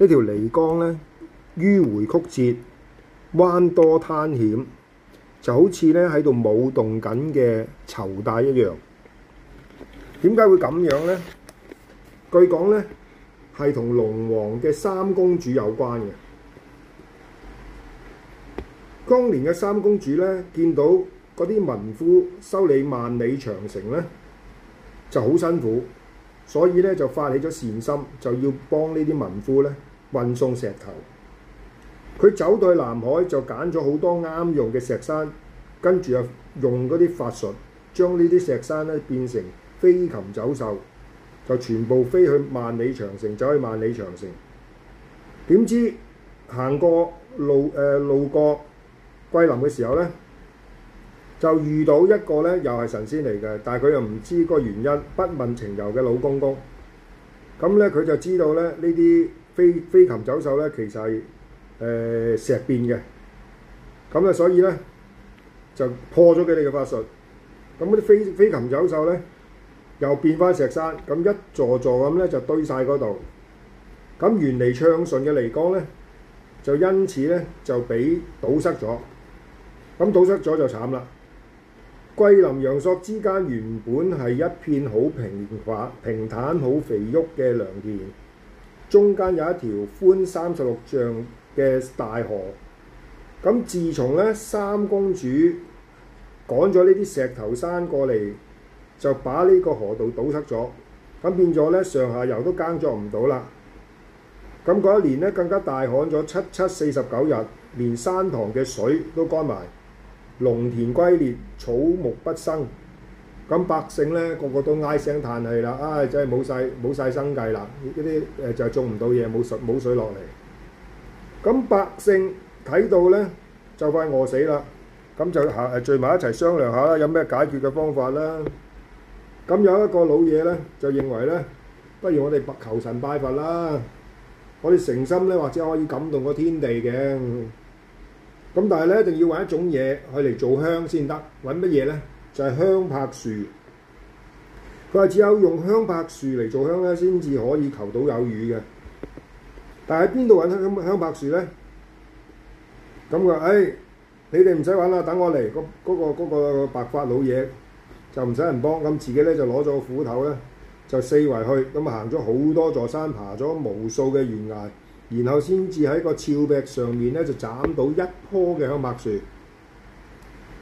呢條漓江呢迂回曲折、彎多灘險，就好似呢喺度舞動緊嘅綢帶一樣。點解會咁樣呢？據講呢係同龍王嘅三公主有關嘅。當年嘅三公主呢，見到嗰啲民夫修理萬里長城呢就好辛苦，所以呢就發起咗善心，就要幫呢啲民夫呢。運送石頭，佢走到南海就揀咗好多啱用嘅石山，跟住又用嗰啲法術將呢啲石山咧變成飛禽走獸，就全部飛去萬里長城，走去萬里長城。點知行過路誒、呃、路過桂林嘅時候咧，就遇到一個咧又係神仙嚟嘅，但係佢又唔知個原因，不問情由嘅老公公。咁咧佢就知道咧呢啲。飛飛禽走獸咧，其實係誒石變嘅，咁啊，所以咧就破咗佢哋嘅法術。咁嗰啲飛飛禽走獸咧又變翻石山，咁一座座咁咧就堆曬嗰度。咁原嚟暢順嘅灕江咧，就因此咧就俾堵塞咗。咁堵塞咗就慘啦。桂林陽朔之間原本係一片好平滑、平坦、好肥沃嘅良田。中間有一條寬三十六丈嘅大河，咁自從咧三公主趕咗呢啲石頭山過嚟，就把呢個河道堵塞咗，咁變咗咧上下游都耕作唔到啦。咁嗰一年咧更加大旱咗七七四十九日，連山塘嘅水都乾埋，農田龜裂，草木不生。咁百姓咧個個都唉聲嘆氣啦，唉真係冇曬冇曬生計啦！呢啲誒就種唔到嘢，冇水冇水落嚟。咁百姓睇到咧就快餓死啦，咁就下誒聚埋一齊商量下啦，有咩解決嘅方法啦？咁有一個老嘢咧就認為咧，不如我哋求神拜佛啦，我哋誠心咧或者可以感動個天地嘅。咁但係咧一定要揾一種嘢去嚟做香先得，揾乜嘢咧？就係香柏樹，佢話只有用香柏樹嚟做香咧，先至可以求到有雨嘅。但係邊度揾香柏樹咧？咁佢話：誒、哎，你哋唔使揾啦，等我嚟。嗰個嗰、嗰個嗰個嗰個嗰個嗰個白髮老嘢就唔使人幫，咁自己咧就攞咗個斧頭咧，就四圍去，咁啊行咗好多座山，爬咗無數嘅懸崖，然後先至喺個峭壁上面咧就斬到一棵嘅香柏樹。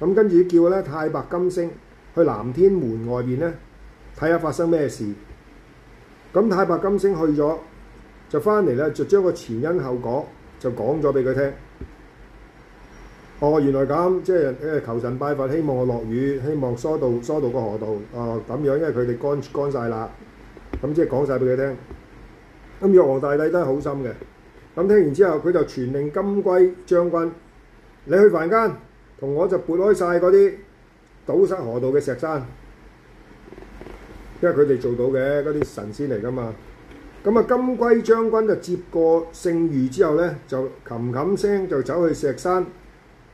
咁跟住叫咧太白金星去南天門外面咧睇下發生咩事。咁太白金星去咗就翻嚟咧，就將個前因後果就講咗俾佢聽。哦，原來咁，即係誒求神拜佛，希望我落雨，希望疏導疏導個河道，哦咁樣，因為佢哋乾乾曬啦。咁即係講曬俾佢聽。咁玉皇大帝都係好心嘅。咁聽完之後，佢就傳令金龜將軍，你去凡間。同我就撥開曬嗰啲堵塞河道嘅石山，因為佢哋做到嘅嗰啲神仙嚟噶嘛。咁啊，金龜將軍就接過聖諭之後咧，就冚冚聲就走去石山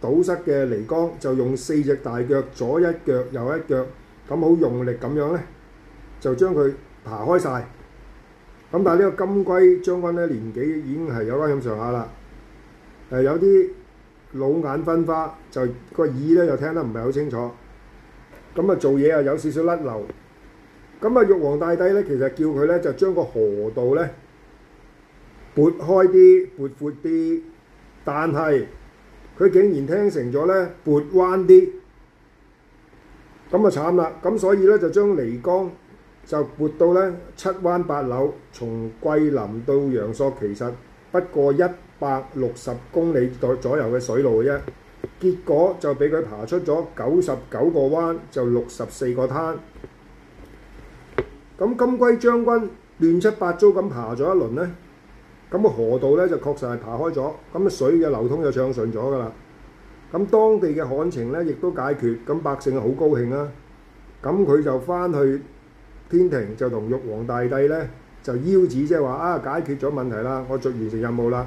堵塞嘅灕江，就用四隻大腳左一腳，右一腳，咁好用力咁樣咧，就將佢爬開曬。咁但係呢個金龜將軍咧年紀已經係有翻咁上下啦，誒有啲。老眼昏花，就個耳咧就聽得唔係好清楚，咁啊做嘢啊有少少甩漏，咁啊玉皇大帝咧其實叫佢咧就將個河道咧撥開啲、撥闊啲，但係佢竟然聽成咗咧撥彎啲，咁啊慘啦！咁所以咧就將灕江就撥到咧七彎八扭，從桂林到陽朔其實。不過一百六十公里左左右嘅水路嘅啫，結果就俾佢爬出咗九十九個彎，就六十四個灘。咁金龜將軍亂七八糟咁爬咗一輪咧，咁個河道咧就確實係爬開咗，咁水嘅流通就暢順咗㗎啦。咁當地嘅旱情咧亦都解決，咁百姓係好高興啦。咁佢就翻去天庭就同玉皇大帝咧。就腰子即係話啊，解決咗問題啦，我著完成任務啦。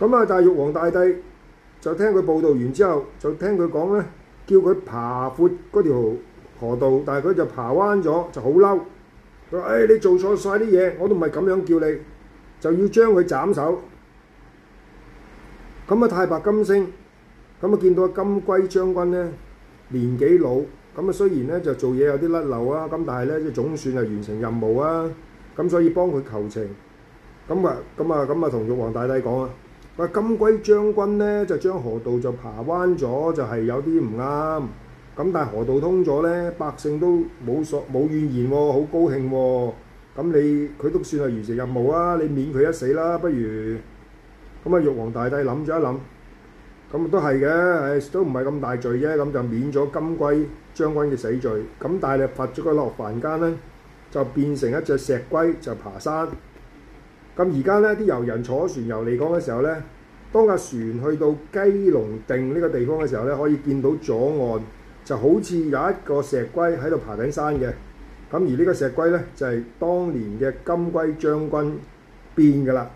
咁啊，大玉皇大帝就聽佢報道完之後，就聽佢講咧，叫佢爬闊嗰條河道，但係佢就爬彎咗，就好嬲。佢話：誒、哎，你做錯晒啲嘢，我都唔係咁樣叫你，就要將佢斬首。」咁啊，太白金星，咁啊，見到金龜將軍咧，年紀老。咁啊，雖然咧就做嘢有啲甩漏啊，咁但係咧即係總算係完成任務啊，咁所以幫佢求情。咁啊，咁啊，咁啊，同玉皇大帝講啊，喂，金龜將軍咧就將河道就爬彎咗，就係有啲唔啱。咁但係河道通咗咧，百姓都冇索冇怨言喎，好高興喎。咁你佢都算係完成任務啊，你免佢一死啦，不如。咁啊，玉皇大帝諗咗一諗，咁都係嘅，誒都唔係咁大罪啫，咁就免咗金龜將軍嘅死罪，咁大力罰咗佢落凡間咧，就變成一隻石龜就爬山。咁而家咧啲遊人坐船遊灕江嘅時候咧，當架船去到雞籠定呢個地方嘅時候咧，可以見到左岸就好似有一個石龜喺度爬緊山嘅。咁而呢個石龜咧就係當年嘅金龜將軍變嘅啦。